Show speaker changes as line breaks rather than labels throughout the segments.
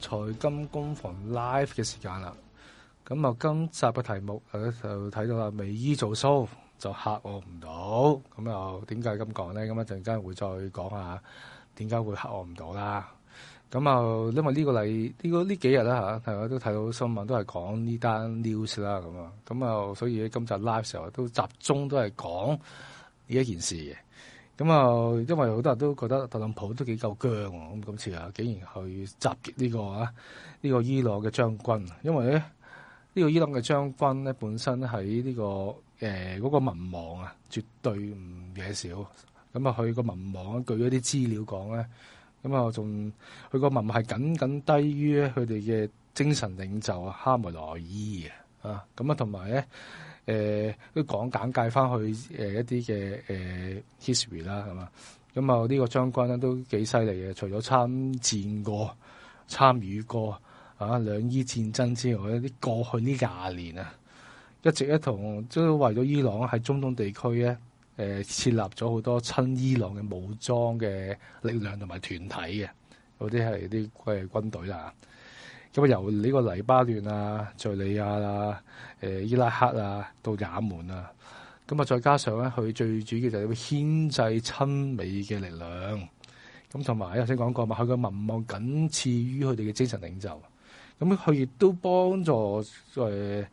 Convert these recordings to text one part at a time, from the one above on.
財金工房 live 嘅時間啦，咁啊今集嘅題目就睇到阿美伊做 show，就吓我唔到，咁又點解咁講咧？咁一陣間會再講下點解會吓我唔到啦，那麼。咁、這個、啊，因為呢個禮呢個呢幾日啦吓，係我都睇到新聞都係講呢單 news 啦，咁啊，咁啊，所以今集 live 時候都集中都係講呢一件事嘅。咁啊、嗯，因為好多人都覺得特朗普都幾夠僵喎，咁今次啊，竟然去襲擊呢、這個啊，呢、這個伊朗嘅將軍。因為咧，呢、這個伊朗嘅將軍咧，本身喺呢、這個誒嗰、欸那個民望啊，絕對唔嘢少。咁、嗯、啊，佢個民望據咗啲資料講咧，咁、嗯、啊，仲佢個民係僅僅低於佢哋嘅精神領袖啊，哈梅內伊嘅啊。咁、嗯、啊，同埋咧。誒都講簡介翻去一啲嘅、eh, history 啦，係嘛？咁啊呢個將軍咧都幾犀利嘅，除咗參戰過、參與過啊兩伊戰爭之外，一啲過去呢廿年啊，一直一同都為咗伊朗喺中東地區咧、呃、設立咗好多親伊朗嘅武裝嘅力量同埋團體嘅，嗰啲係啲軍隊隊、啊咁啊由呢個黎巴嫩啊、敘利亞啦、誒伊拉克啊，到也門啊，咁啊，再加上咧，佢最主要就係要牽制親美嘅力量，咁同埋頭先講過嘛，佢嘅民望僅次於佢哋嘅精神領袖，咁佢亦都幫助誒誒，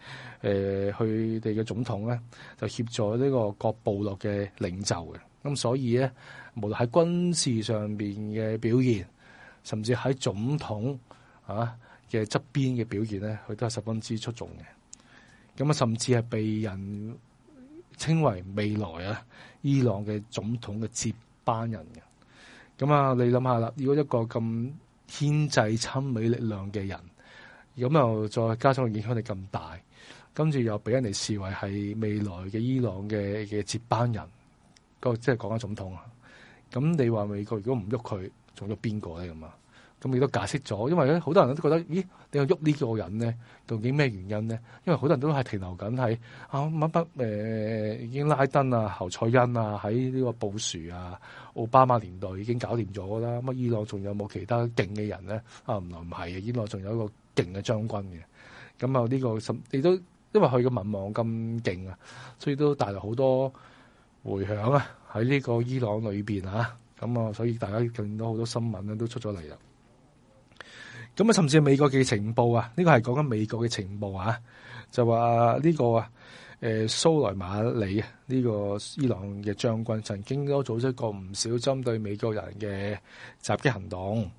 佢哋嘅總統咧，就協助呢個各部落嘅領袖嘅，咁所以咧，無論喺軍事上邊嘅表現，甚至喺總統啊。嘅側邊嘅表現咧，佢都係十分之出眾嘅。咁啊，甚至係被人稱為未來啊伊朗嘅總統嘅接班人嘅。咁啊，你諗下啦，如果一個咁牽制親美力量嘅人，咁又再加上影響力咁大，跟住又俾人哋視為係未來嘅伊朗嘅嘅接班人，個即係講緊總統啊。咁你話美國如果唔喐佢，仲喐邊個咧咁啊？咁亦都解釋咗，因為咧好多人都覺得，咦你解喐呢個人咧？究竟咩原因咧？因為好多人都係停留緊喺啊乜乜誒，已經拉登啊、侯賽恩啊，喺呢個布殊啊、奧巴馬年代已經搞掂咗啦。乜伊朗仲有冇其他勁嘅人咧？啊唔係，伊朗仲有，有、啊、有一個勁嘅將軍嘅。咁啊呢個亦都因為佢嘅民望咁勁啊，所以都帶來好多迴響啊。喺呢個伊朗裏面啊，咁啊所以大家見到好多新聞咧都出咗嚟啦。咁啊，甚至美國嘅情報啊，呢個係講緊美國嘅情報啊，就話呢個啊，誒蘇萊馬尼啊，呢個伊朗嘅將軍曾經都組織過唔少針對美國人嘅襲擊行動。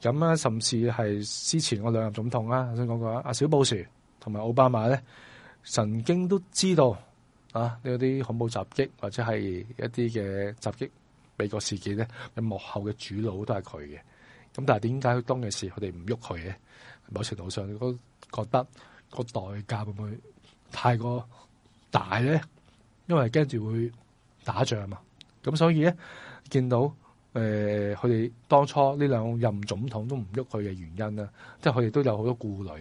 咁甚至係之前我兩任總統啊，我想講過啊，阿小布殊同埋奧巴馬咧，曾經都知道啊呢啲恐怖襲擊或者係一啲嘅襲擊美國事件咧，幕後嘅主腦都係佢嘅。咁但係點解佢當嘅時佢哋唔喐佢嘅？某程度上，佢覺得個代價會唔會太過大咧？因為驚住會打仗嘛。咁所以咧，見到誒，佢哋當初呢兩任總統都唔喐佢嘅原因啦，即係佢哋都有好多顧慮。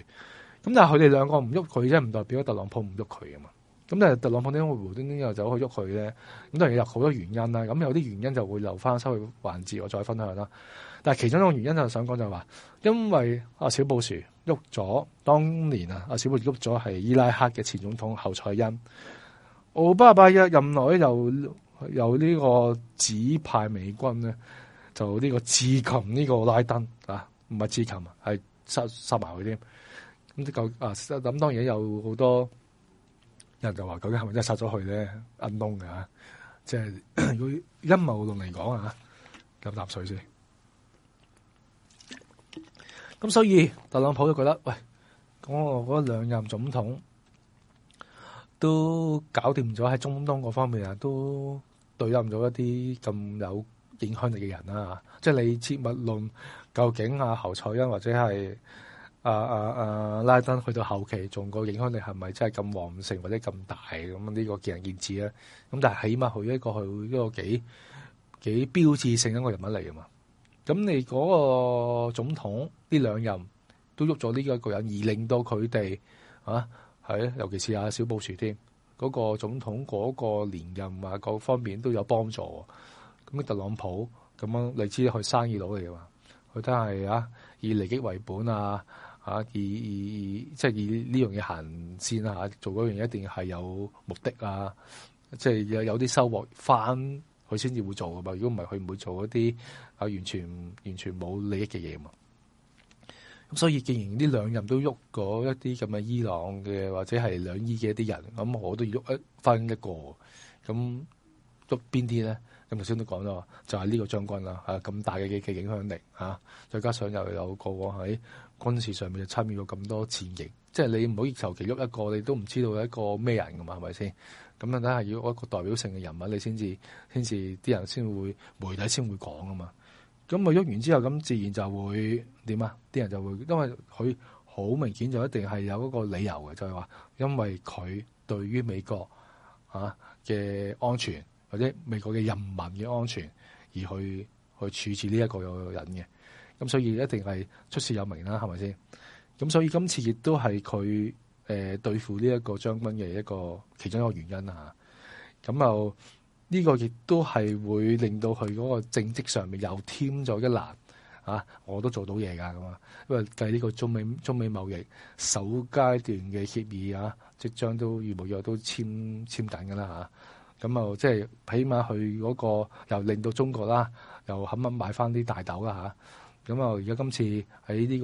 咁但係佢哋兩個唔喐佢，即係唔代表特朗普唔喐佢啊嘛。咁但係特朗普點解會無端端又走去喐佢咧？咁當然有好多原因啦。咁有啲原因就會留翻，收尾環節，我再分享啦。但係其中一個原因就係想講，就係話，因為阿小布什喐咗當年啊，阿小布什喐咗係伊拉克嘅前總統侯賽因。奧巴馬一任內又又呢個指派美軍呢，就呢個智擒，呢個拉登啊，唔係智擒，係殺殺埋佢添。咁啲舊啊，咁當然有好多人就話究竟係咪真係殺咗佢咧？暗中嘅即係佢陰謀論嚟講啊，飲啖水先。咁所以特朗普就覺得，喂，咁我兩任總統都搞掂咗喺中東嗰方面啊，都對任咗一啲咁有影響力嘅人啦、啊。即係你切勿論究竟阿、啊、侯賽恩或者係、啊啊啊、拉登去到後期仲個影響力係咪真係咁旺盛或者咁大咁？呢個見仁見智啦、啊。咁但係起碼佢一個佢一個幾幾標誌性一個人物嚟啊嘛。咁你嗰個總統呢兩任都喐咗呢個個人，而令到佢哋啊尤其是阿小布殊添，嗰、那個總統嗰個連任啊，各方面都有幫助。咁特朗普咁樣，你知佢生意佬嚟㗎嘛？佢都係啊，以利益為本啊，即以即係以呢樣嘢行先啊。做嗰樣一定係有目的啊，即、就、係、是、有啲收穫翻。佢先至會做噶嘛，如果唔係佢唔會做一啲啊完全完全冇利益嘅嘢嘛。咁所以既然呢兩人都喐過一啲咁嘅伊朗嘅，或者係兩伊嘅一啲人，咁我都要喐一分一個。咁喐邊啲咧？咁頭先都講咗，就係、是、呢個將軍啦。咁、啊、大嘅嘅影響力嚇，再、啊、加上又有過往喺軍事上面參與過咁多戰役，即、就、係、是、你唔好求其喐一個，你都唔知道一個咩人噶嘛，係咪先？咁咧，等下要一個代表性嘅人物，你先至先至啲人先會媒體先會講啊嘛。咁咪喐完之後，咁自然就會點啊？啲人就會，因為佢好明顯就一定係有一個理由嘅，就係話因為佢對於美國嘅安全，或者美國嘅人民嘅安全而去去處置呢一個人嘅。咁所以一定係出事有名啦，係咪先？咁所以今次亦都係佢。誒、呃、對付呢一個將軍嘅一個其中一個原因啊，咁又呢個亦都係會令到佢嗰個政績上面又添咗一難啊！我都做到嘢㗎，咁啊，因為計呢個中美中美貿易首階段嘅協議啊，即將將都預預約都簽簽緊㗎啦嚇咁啊，啊，啊即係起碼佢嗰個又令到中國啦，又肯肯買翻啲大豆啦、啊咁啊，而家今次喺呢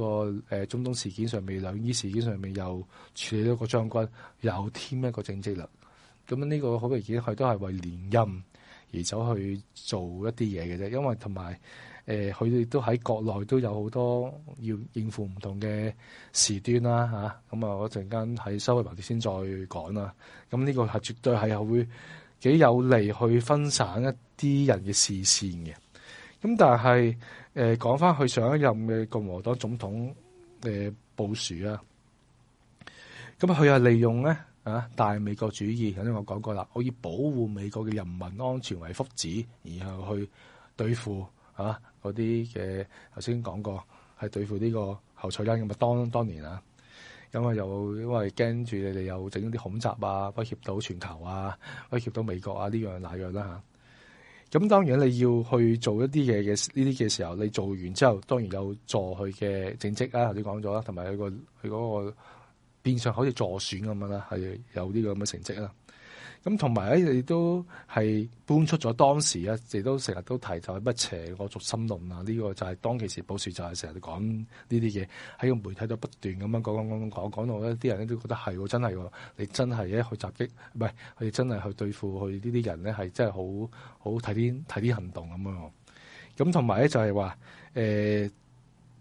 個中東事件上面，兩伊事件上面又處理咗個將軍，又添一個政績啦。咁呢個好明顯，佢都係為連任而走去做一啲嘢嘅啫。因為同埋誒，佢哋都喺國內都有好多要應付唔同嘅時段啦吓。咁啊，我陣間喺收尾環節先再講啦。咁呢個係絕對係會幾有利去分散一啲人嘅視線嘅。咁但係。誒，講翻去上一任嘅共和黨總統嘅部署啊，咁啊佢又利用咧啊大美國主義，頭先我講過啦，可以保護美國嘅人民安全為福祉，然後去對付啊嗰啲嘅，頭先講過係對付呢個侯賽因咁啊，當當年啊，因為又因為驚住你哋又整啲恐襲啊，威脅到全球啊，威脅到美國啊，呢樣那樣啦嚇。咁當然你要去做一啲嘢嘅呢啲嘅時候，你做完之後，當然有助佢嘅政績啦，頭先講咗啦，同埋佢個佢嗰個變相好似助選咁樣啦，係有呢個咁嘅成績啦。咁同埋咧，亦都係搬出咗當時啊，亦都成日都提就係不邪惡軸心論啊！呢個就係當其時報社就係成日講呢啲嘢喺個媒體度不斷咁樣講講講講到咧，啲人咧都覺得係喎，真係喎，你真係去襲擊，唔係佢哋真係去對付佢呢啲人咧，係真係好好睇啲睇啲行動咁樣！咁同埋咧就係話誒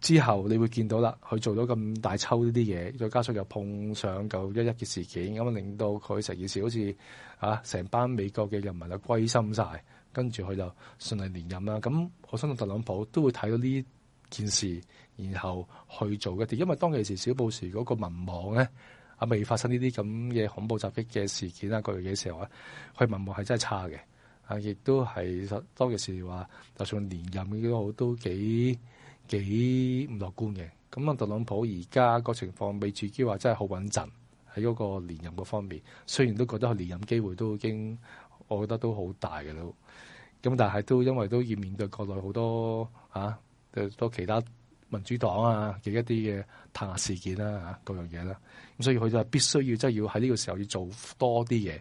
之後你會見到啦，佢做到咁大抽呢啲嘢，再加上又碰上九一一嘅事件，咁令到佢成件事好似啊，成班美國嘅人民就歸心晒，跟住佢就順利連任啦。咁我相信特朗普都會睇到呢件事，然後去做一啲，因為當其時小布什嗰個民望咧，啊未發生呢啲咁嘅恐怖襲擊嘅事件啊，過去嘢時候呢，佢民望係真係差嘅。啊，亦都係實當其時話，就算連任幾好都，都幾幾唔樂觀嘅，咁啊，特朗普而家個情況，未至於話真係好穩陣喺嗰個連任嗰方面，雖然都覺得佢連任機會都已經，我覺得都好大嘅都，咁但係都因為都要面對國內好多啊，多其他民主黨啊嘅一啲嘅彈劾事件啦，啊，各樣嘢啦、啊，咁所以佢就必須要即係、就是、要喺呢個時候要做多啲嘢。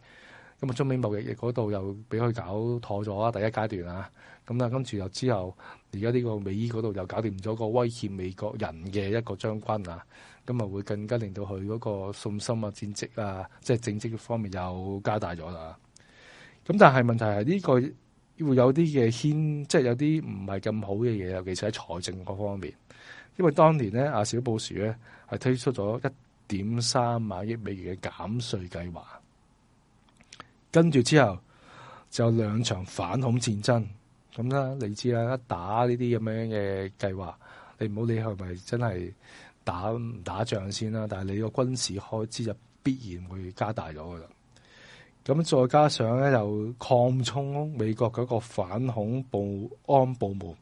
咁啊，中美貿易嗰度又俾佢搞妥咗啦，第一階段啊。咁啊，跟住又之後，而家呢個美伊嗰度又搞掂咗個威脅美國人嘅一個將軍啊。咁啊，會更加令到佢嗰個信心啊、戰績啊，即係政績方面又加大咗啦。咁但係問題係呢個會有啲嘅牽，即係有啲唔係咁好嘅嘢，尤其是喺財政嗰方面。因為當年呢，阿小布什呢，係推出咗一點三萬億美元嘅減稅計劃。跟住之後就兩場反恐戰爭咁啦。你知啦，一打呢啲咁樣嘅計劃，你唔好理係咪真係打唔打仗先啦。但係你個軍事開支就必然會加大咗噶啦。咁再加上咧，又擴充美國嗰個反恐保安部門，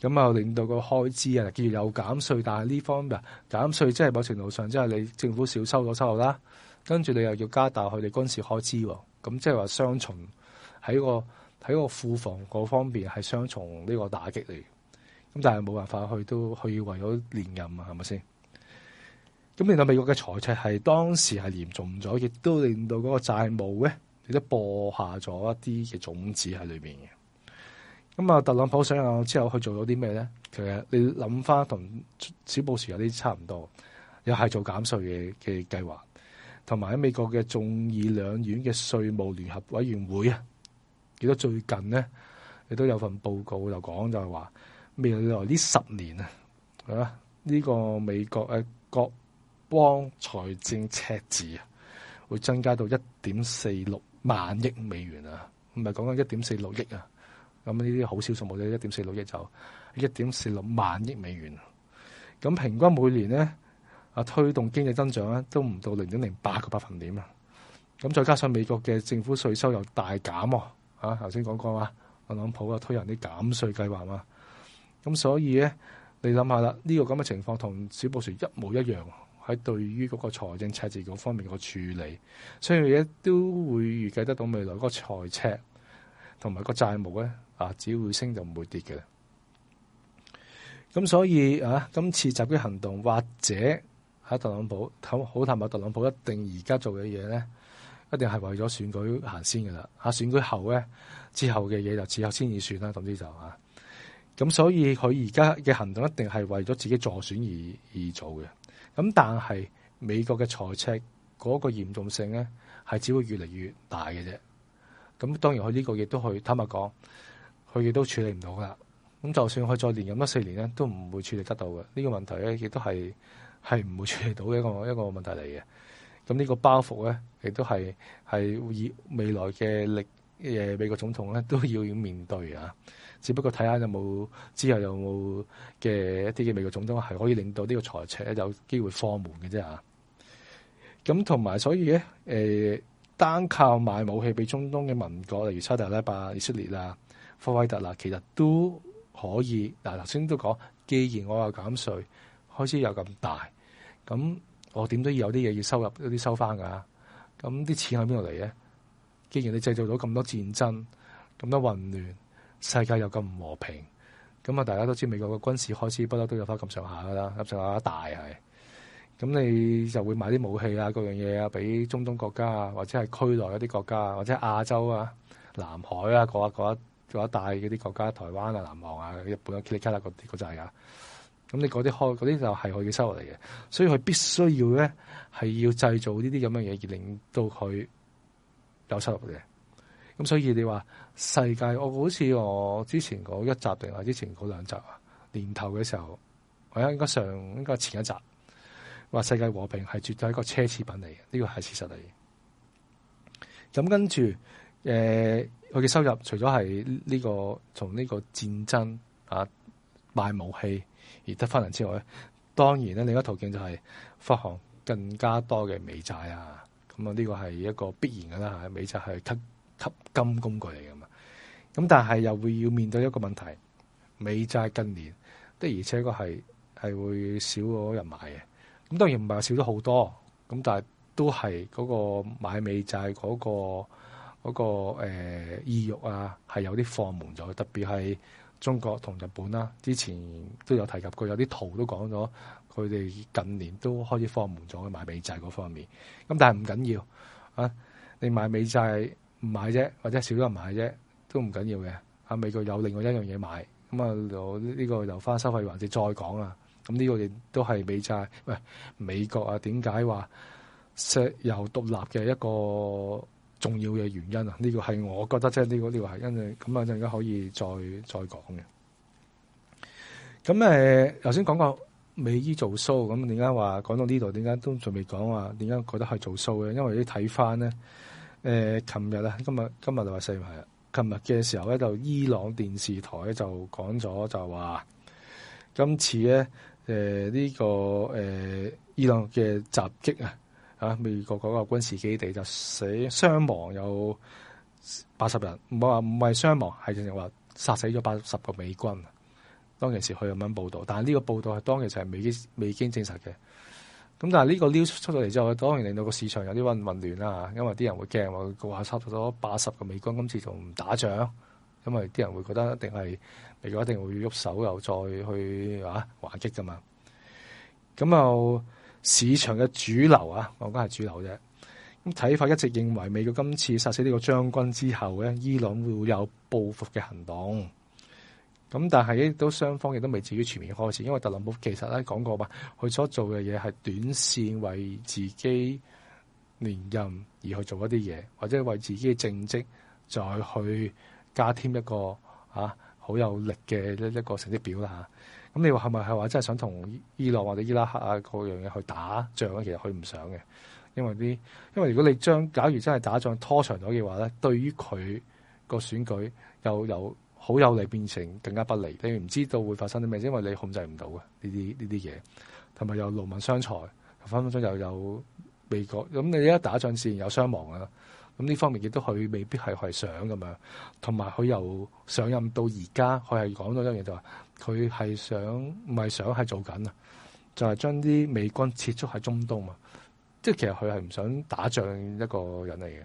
咁啊，令到個開支啊，跟住又減稅。但係呢方面減稅，即係某程度上即係、就是、你政府少收咗收入啦。跟住你又要加大佢哋軍事開支。咁即係話雙重，喺個喺個庫房嗰方面係雙重呢個打擊嚟。咁但係冇辦法去，都去要為咗連任啊，係咪先？咁令到美國嘅財赤係當時係嚴重咗，亦都令到嗰個債務咧，亦都播下咗一啲嘅種子喺裏邊嘅。咁啊，特朗普上任之後去做咗啲咩咧？其實你諗翻同小布什有啲差唔多，又係做減稅嘅嘅計劃。同埋喺美國嘅眾議兩院嘅稅務聯合委員會啊，記得最近呢，亦都有份報告就講就係話，未來呢十年啊，係嘛呢個美國嘅國邦財政赤字啊，會增加到一點四六萬億美元啊，唔係講緊一點四六億啊，咁呢啲好少數目啫，一點四六億就一點四六萬億美元，咁平均每年咧。啊！推動經濟增長咧，都唔到零點零八個百分點啊！咁再加上美國嘅政府稅收又大減啊！頭先講過啊特朗普啊推行啲減稅計劃嘛，咁所以咧，你諗下啦，呢個咁嘅情況同小布殊一模一樣，喺對於嗰個財政赤字嗰方面個處理，所以咧都會預計得到未來嗰個財赤同埋個債務咧啊，只會升就唔會跌嘅。咁所以啊，今次襲擊行動或者，喺特朗普，好好坦白，特朗普一定而家做嘅嘢咧，一定係為咗選舉行先噶啦。吓選舉後咧，之後嘅嘢，就之後先至算啦。總之就吓咁，所以佢而家嘅行動一定係為咗自己助選而而做嘅。咁但係美國嘅財赤嗰個嚴重性咧，係只會越嚟越大嘅啫。咁當然佢呢個亦都去坦白講，佢亦都處理唔到噶。咁就算佢再連任一四年咧，都唔會處理得到嘅呢個問題咧，亦都係。係唔會處理到嘅一個一個問題嚟嘅，咁呢個包袱咧，亦都係係以未來嘅歷誒美國總統咧都要要面對啊。只不過睇下有冇之後有冇嘅一啲嘅美國總統係可以令到呢個財赤有機會放緩嘅啫啊。咁同埋所以咧，誒、呃、單靠賣武器俾中東嘅民國，例如沙特阿拉伯、以色列啦、科威特啦，其實都可以。嗱頭先都講，既然我有減稅。開支又咁大，咁我點都要有啲嘢要收入，有啲收翻㗎。咁啲錢喺邊度嚟咧？既然你製造咗咁多戰爭、咁多混亂，世界又咁唔和平，咁啊大家都知美國嘅軍事開支不嬲都有翻咁上下㗎啦，咁上下大係。咁你就會買啲武器啊、各樣嘢啊，俾中東國家啊，或者係區內一啲國家啊，或者亞洲啊、南海啊嗰、那個、一嗰、那個、一嗰一帶嗰啲國家，台灣啊、南韓啊、日本啊、加拿大嗰啲嗰陣㗎。那個那個咁你嗰啲開嗰啲就係佢嘅收入嚟嘅，所以佢必須要咧係要製造呢啲咁嘅嘢，而令到佢有收入嘅。咁所以你話世界，我好似我之前嗰一集定係之前嗰兩集啊，年頭嘅時候，我應該上應該前一集，話世界和平係絕對係一個奢侈品嚟嘅，呢個係事實嚟。咁跟住，誒、呃，佢嘅收入除咗係呢個從呢個戰爭啊。賣武器而得翻嚟之外咧，當然咧，另一個途徑就係、是、發行更加多嘅美債啊！咁啊，呢個係一個必然噶啦吓，美債係吸吸金工具嚟噶嘛。咁但係又會要面對一個問題，美債近年的而且確係係會少咗人買嘅。咁當然唔係話少咗好多，咁但係都係嗰個買美債嗰、那個、那個誒、呃、意欲啊，係有啲放門咗，特別係。中國同日本啦，之前都有提及過，有啲圖都講咗，佢哋近年都開始放門咗去買美債嗰方面。咁但係唔緊要啊，你買美債唔買啫，或者少咗人買啫，都唔緊要嘅。啊，美國有另外一樣嘢買，咁啊，呢個留翻收費或者再講啦。咁呢個亦都係美債，喂、哎、美國啊，點解話石油獨立嘅一個重要嘅原因啊，呢、這個係我覺得即係呢個呢、這個係因為咁啊，陣間可以再再講嘅。咁誒、頭、呃、先講過美伊做 Show，咁點解話講到呢度？點解都仲未講話？點解覺得係做 Show 嘅？因為你睇翻咧，誒、呃，琴日啊，今，今，今日今日就話四月啦。琴日嘅時候咧，就伊朗電視台就講咗，就話今次咧，誒、呃，呢、這個誒、呃，伊朗嘅襲擊啊。啊！美國嗰個軍事基地就死傷亡有八十人，唔係話唔係傷亡，係淨係話殺死咗八十個美軍。當其時佢咁樣報導，但係呢個報導係當其時係未未經證實嘅。咁但係呢個 news 出咗嚟之後，當然令到個市場有啲混混亂啦。因為啲人會驚話，個話差唔多八十個美軍今次仲唔打仗，因為啲人會覺得一定係美國一定會喐手又再去啊還擊㗎嘛。咁又～市場嘅主流啊，我講係主流啫。咁睇法一直認為，美國今次殺死呢個將軍之後咧，伊朗會有報復嘅行動。咁但係亦都雙方亦都未至於全面開始，因為特朗普其實咧講過話，佢所做嘅嘢係短線為自己連任而去做一啲嘢，或者為自己嘅政績再去加添一個啊好有力嘅一一個成績表啦嚇。咁你話係咪係話真係想同伊朗或者伊拉克啊嗰樣嘢去打仗咧？其實佢唔想嘅，因為啲因為如果你將假如真係打仗拖長咗嘅話咧，對於佢個選舉又由好有利變成更加不利，你唔知道會發生啲咩，因為你控制唔到嘅呢啲呢啲嘢，同埋又勞民傷財，分分鐘又有美國咁，你一打仗自然有傷亡噶啦。咁呢方面，亦都佢未必係去想咁樣，同埋佢由上任到而家，佢係講咗一樣嘢，就話佢係想，唔係想係做緊啊，就係將啲美軍撤出喺中東啊。即係其實佢係唔想打仗一個人嚟嘅。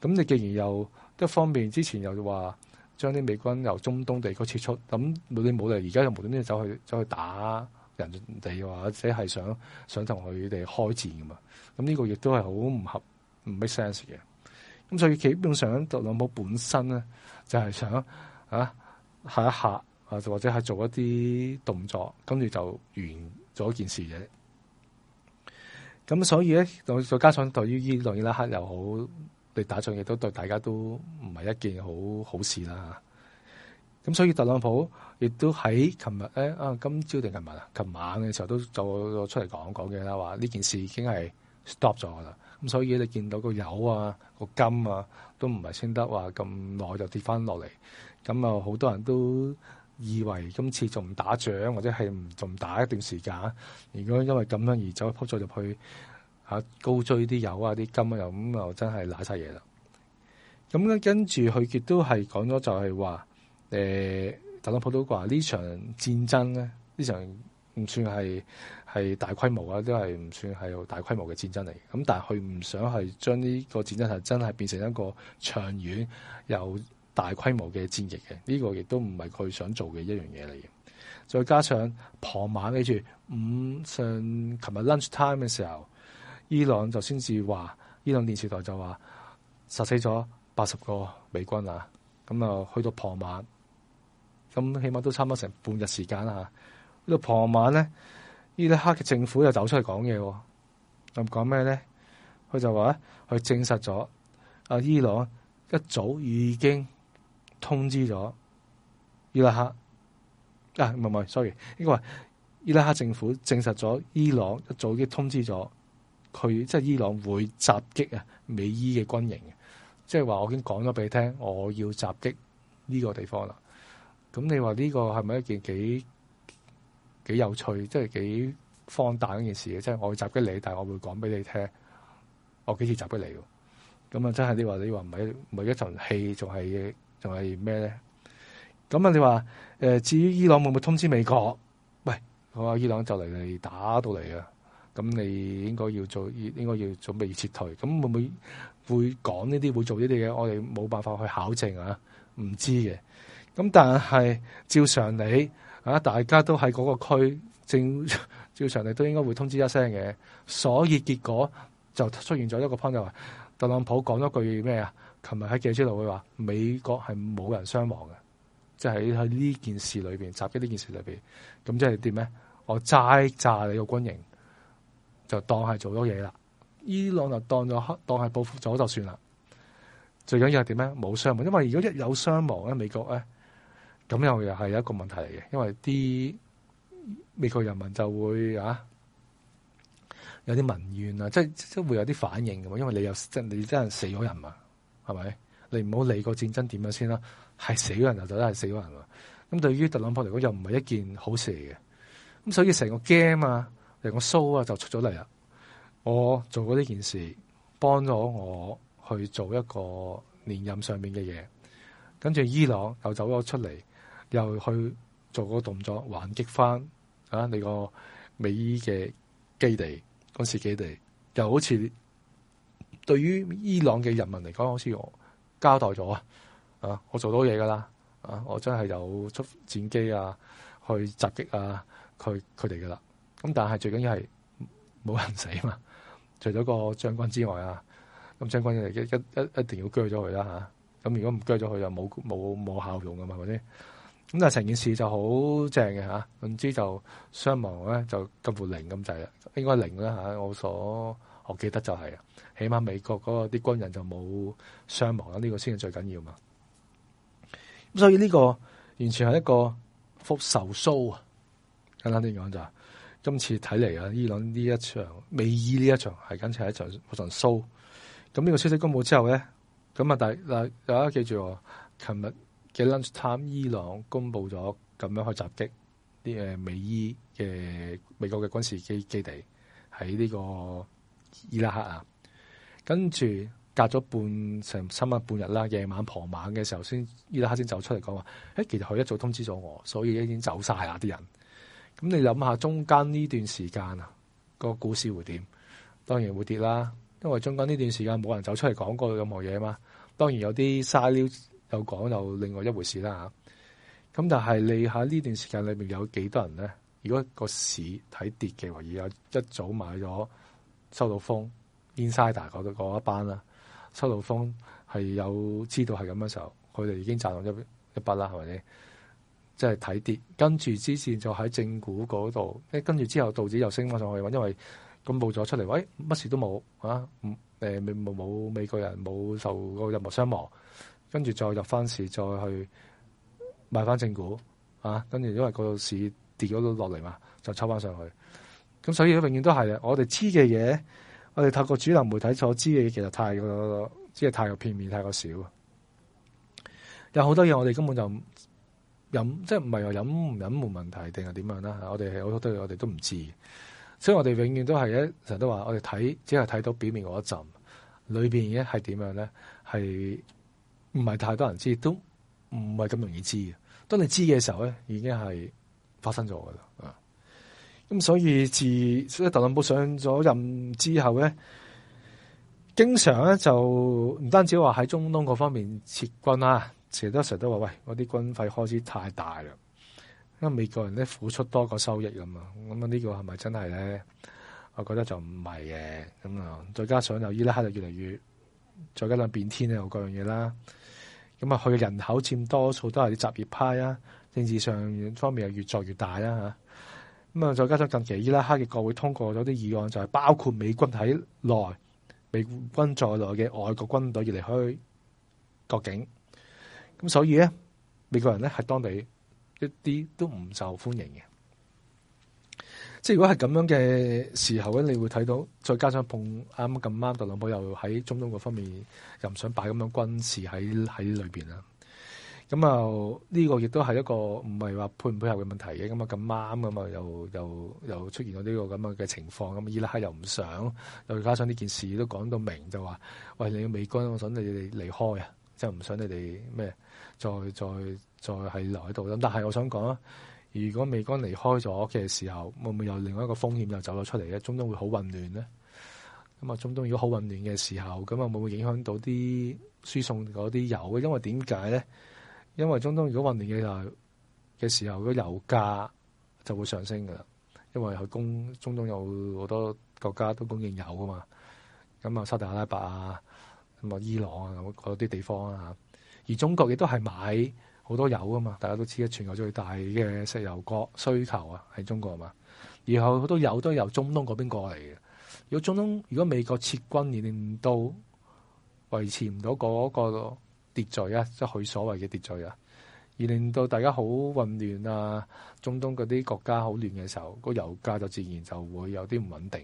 咁你既然又一方面之前又話將啲美軍由中東地區撤出，咁你冇理由而家又無端端走去走去打人哋，或者係想想同佢哋開戰噶嘛？咁呢個亦都係好唔合唔 make sense 嘅。咁所以基本上特朗普本身咧就係、是、想啊吓一吓啊，或者係做一啲動作，跟住就完咗件事嘅。咁所以咧，再加上對於伊朗伊拉克又好，你打仗亦都對大家都唔係一件好好事啦。咁所以特朗普亦都喺琴日誒啊，今朝定琴日啊，琴晚嘅時候都走咗出嚟講講嘅啦，話呢件事已經係 stop 咗噶啦。咁所以你見到個油啊、個金啊都唔係升得話咁耐就跌翻落嚟，咁啊好多人都以為今次仲唔打仗，或者係唔仲打一段時間，如果因為咁樣而走撲咗入去、啊、高追啲油啊、啲金啊，又咁又真係瀨晒嘢啦。咁咧跟住佢亦都係講咗就係話，誒、欸、特朗普都話呢場戰爭咧、啊、呢場唔算係。係大規模啊，都係唔算係有大規模嘅戰爭嚟。咁但係佢唔想係將呢個戰爭係真係變成一個長遠又大規模嘅戰役嘅。呢個亦都唔係佢想做嘅一樣嘢嚟嘅。再加上傍晚跟住五上琴日 lunch time 嘅時候，伊朗就先至話，伊朗電視台就話殺死咗八十個美軍啊。咁啊，去到傍晚，咁起碼都差唔多成半日時間啦。到呢個傍晚咧。伊拉克嘅政府又走出嚟講嘢，說什麼呢就講咩咧？佢就話佢證實咗阿伊朗一早已經通知咗伊拉克，啊唔係唔係，sorry，應該話伊拉克政府證實咗伊朗一早已經通知咗佢，即係伊朗會襲擊啊美伊嘅軍營嘅，即係話我已經講咗俾你聽，我要襲擊呢個地方啦。咁你話呢個係咪一件幾？幾有趣，即係幾荒誕嗰件事，即係我會襲擊你，但係我會講俾你聽，我幾次襲擊你，咁啊真係你話你話唔係唔係一場戲，仲係仲係咩咧？咁啊你話誒至於伊朗會唔會通知美國？喂，我話伊朗就嚟，嚟打到嚟啊！咁你應該要做，應該要做準備撤退？咁會唔會會講呢啲會做呢啲嘢？我哋冇辦法去考證啊，唔知嘅。咁但係照常理。啊！大家都喺嗰個區，正照常你都應該會通知一聲嘅，所以結果就出現咗一個 point 就話特朗普講咗句咩啊？琴日喺記者度會話，美國係冇人傷亡嘅，即係喺呢件事裏面，襲擊呢件事裏面。咁即係點咧？我齋炸你個軍營，就當係做咗嘢啦。伊朗就當咗當係報復咗就算啦。最緊要係點咧？冇傷亡，因為如果一有傷亡咧，美國咧。咁又又係一個問題嚟嘅，因為啲美國人民就會啊有啲民怨啊，即係即係會有啲反應噶嘛，因為你又真你真係死咗人嘛，係咪？你唔好理個戰爭點樣先啦，係死咗人就真係死咗人嘛。咁對於特朗普嚟講又唔係一件好事嚟嘅，咁所以成個 game 啊，成個 show 啊就出咗嚟啦。我做過呢件事，幫咗我去做一個連任上面嘅嘢，跟住伊朗又走咗出嚟。又去做嗰個動作，還擊翻啊！你個美伊嘅基地嗰次基地又好似對於伊朗嘅人民嚟講，好似我交代咗啊啊！我做多嘢噶啦啊！我真係有出戰機啊，去襲擊啊，去佢哋噶啦。咁、啊、但係最緊要係冇人死嘛，除咗個將軍之外啊。咁將軍一一一一定要鋸咗佢啦嚇。咁、啊、如果唔鋸咗佢，就冇冇冇效用噶嘛，係咪先？咁就成件事就好正嘅吓，總之就傷亡咧就近乎零咁滯係啦，應該零啦吓，我所我記得就係、是、啊，起碼美國嗰個啲軍人就冇傷亡啦，呢、這個先係最緊要嘛。咁所以呢個完全係一個復仇 show 啊！簡單啲講就是，今次睇嚟啊，伊朗呢一場美伊呢一場係簡直係一場復仇 show。咁呢個消息公布之後咧，咁啊大嗱大家記住喎，琴日。嘅 lunch time，伊朗公布咗咁樣去襲擊啲美伊嘅美國嘅軍事基基地喺呢個伊拉克啊，跟住隔咗半成深日半日啦，夜晚傍晚嘅時候先伊拉克先走出嚟講話，誒其實佢一早通知咗我，所以已經走晒啊啲人。咁你諗下中間呢段時間啊，個股市會點？當然會跌啦，因為中間呢段時間冇人走出嚟講過任何嘢嘛。當然有啲沙鷗。又講又另外一回事啦吓，咁但係你喺呢段時間裏面有幾多人咧？如果個市睇跌嘅話，而有一早買咗收到風 Insider 嗰度嗰一班啦，收到風係有知道係咁嘅時候，佢哋已經賺到一筆一筆啦，係咪你即係睇跌跟住之前就喺正股嗰度，跟住之後道指又升翻上去。因為公布咗出嚟，喂乜事都冇啊？哎，冇冇美國人冇受過任何傷亡。跟住再入翻市，再去買翻正股啊！跟住因為個市跌咗落嚟嘛，就抽翻上去。咁所以佢永遠都係嘅。我哋知嘅嘢，我哋透過主流媒體所知嘅嘢，其實太過，即係太過片面，太過少。有好多嘢我哋根本就飲，即係唔係話飲唔飲冇問題，定係點樣啦。我哋係好多嘢我哋都唔知。所以我哋永遠都係咧，成日都話我哋睇，只係睇到表面嗰一浸，裏邊嘅係點樣咧？係。唔係太多人知，都唔係咁容易知嘅。當你知嘅時候咧，已經係發生咗噶啦。咁所以自特朗普上咗任之後咧，經常咧就唔單止話喺中東嗰方面撤軍啦，成日都成日都話喂，我啲軍費開支太大啦，因為美國人咧付出多過收益噶嘛。咁啊呢個係咪真係咧？我覺得就唔係嘅。咁啊，再加上又伊拉克就越嚟越，再加上變天啊，有各樣嘢啦。咁啊，佢嘅人口佔多數都係啲什葉派啊，政治上方面又越做越大啦吓。咁啊，再加上近期伊拉克嘅國會通過咗啲議案，就係、是、包括美軍喺內，美軍在內嘅外國軍隊要離開國境。咁所以咧，美國人咧喺當地一啲都唔受歡迎嘅。即係如果係咁樣嘅時候咧，你會睇到，再加上碰啱咁啱，特朗普又喺中東嗰方面又唔想擺咁樣軍事喺喺裏邊啦。咁啊，呢個亦都係一個唔係話配唔配合嘅問題嘅。咁啊，咁啱嘅嘛，又又又出現咗呢個咁嘅情況。咁伊拉克又唔想，又加上呢件事都講到明，就話，喂，你嘅美軍，我想你哋離開啊，即係唔想你哋咩，再再再係留喺度啦。但係我想講啊。如果美軍離開咗嘅時候，會唔會有另外一個風險又走咗出嚟咧？中東會好混亂咧。咁啊，中東如果好混亂嘅時候，咁啊，會唔會影響到啲輸送嗰啲油呢？因為點解咧？因為中東如果混亂嘅時候，嘅時候個油價就會上升㗎。因為佢供中東有好多國家都供應油㗎嘛。咁啊，沙特阿拉伯啊，咁啊，伊朗啊，嗰啲地方啊，而中國亦都係買。好多油啊嘛，大家都知嘅。全球最大嘅石油國需求啊，喺中國嘛。然後好多油都由中東嗰邊過嚟嘅。如果中東，如果美國撤軍而令到維持唔到嗰個秩序啊，即係佢所謂嘅秩序啊，而令到大家好混亂啊，中東嗰啲國家好亂嘅時候，個油價就自然就會有啲唔穩定，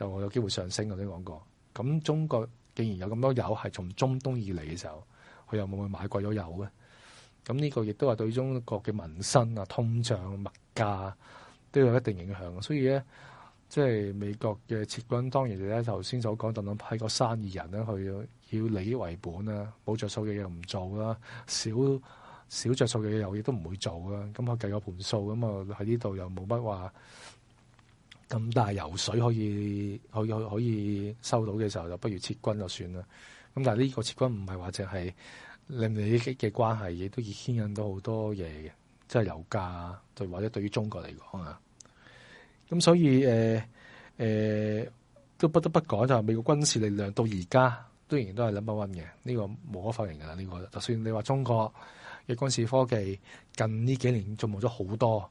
就會有機會上升。我都講過。咁中國既然有咁多油係從中東而嚟嘅時候，佢又會唔會買貴咗油？咁呢個亦都係對中國嘅民生啊、通脹物價都有一定影響。所以咧，即係美國嘅撤軍，當然哋咧頭先所講，等等派個生意人咧，去要理為本啊，冇着數嘅嘢唔做啦，少少着數嘅嘢又亦都唔會做啦。咁我計個盤數，咁啊喺呢度又冇乜話咁大油水可以可以可以收到嘅時候，就不如撤軍就算啦。咁但係呢個撤軍唔係話淨係。你唔理嘅關係，亦都牽引到好多嘢嘅，即係油價啊，對或者對於中國嚟講啊，咁所以、呃呃、都不得不講就係美國軍事力量到而家，都仍然都係兩百蚊嘅，呢、這個無可否認嘅啦。呢、這個就算你話中國嘅軍事科技近呢幾年進步咗好多，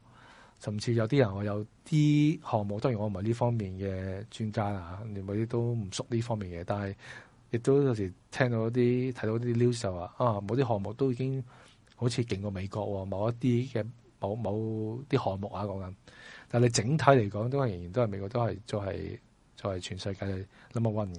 甚至有啲人我有啲項目，當然我唔係呢方面嘅專家啊，你咪都唔熟呢方面嘅，但係。亦都有時聽到啲睇到啲 news 就話啊，某啲項目都已經好似勁過美國喎，某一啲嘅某某啲項目啊講緊，但係你整體嚟講都係仍然都係美國都係就係就係全世界嘅 number one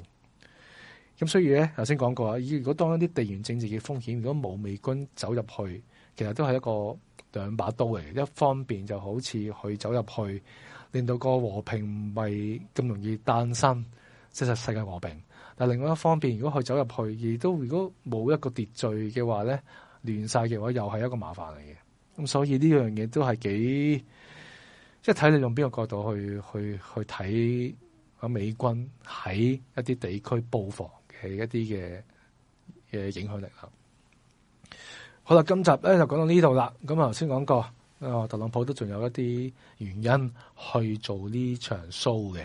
咁所以咧頭先講過，如果當一啲地緣政治嘅風險，如果冇美軍走入去，其實都係一個兩把刀嚟，一方面就好似佢走入去，令到個和平唔係咁容易誕生，即係世界和平。但另外一方面，如果佢走入去，亦都如果冇一個秩序嘅話咧，亂晒嘅話，的話又係一個麻煩嚟嘅。咁所以呢樣嘢都係幾，即係睇你用邊個角度去去去睇啊美軍喺一啲地區布防嘅一啲嘅嘅影響力啦。好啦，今集咧就講到呢度啦。咁啊，頭先講過啊，特朗普都仲有一啲原因去做呢場 show 嘅。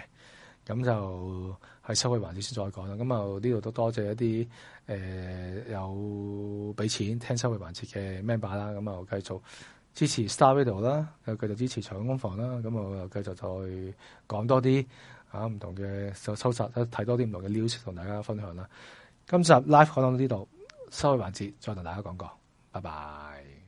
咁就係收尾環節先再講啦。咁啊呢度都多謝一啲誒、呃、有俾錢聽收尾環節嘅 member 啦。咁啊繼續支持 StarVido 啦，又繼續支持長工房啦。咁我繼續再講多啲唔、啊、同嘅收收睇多啲唔同嘅 news 同大家分享啦。今集 live 講到呢度，收尾環節再同大家講講。拜拜。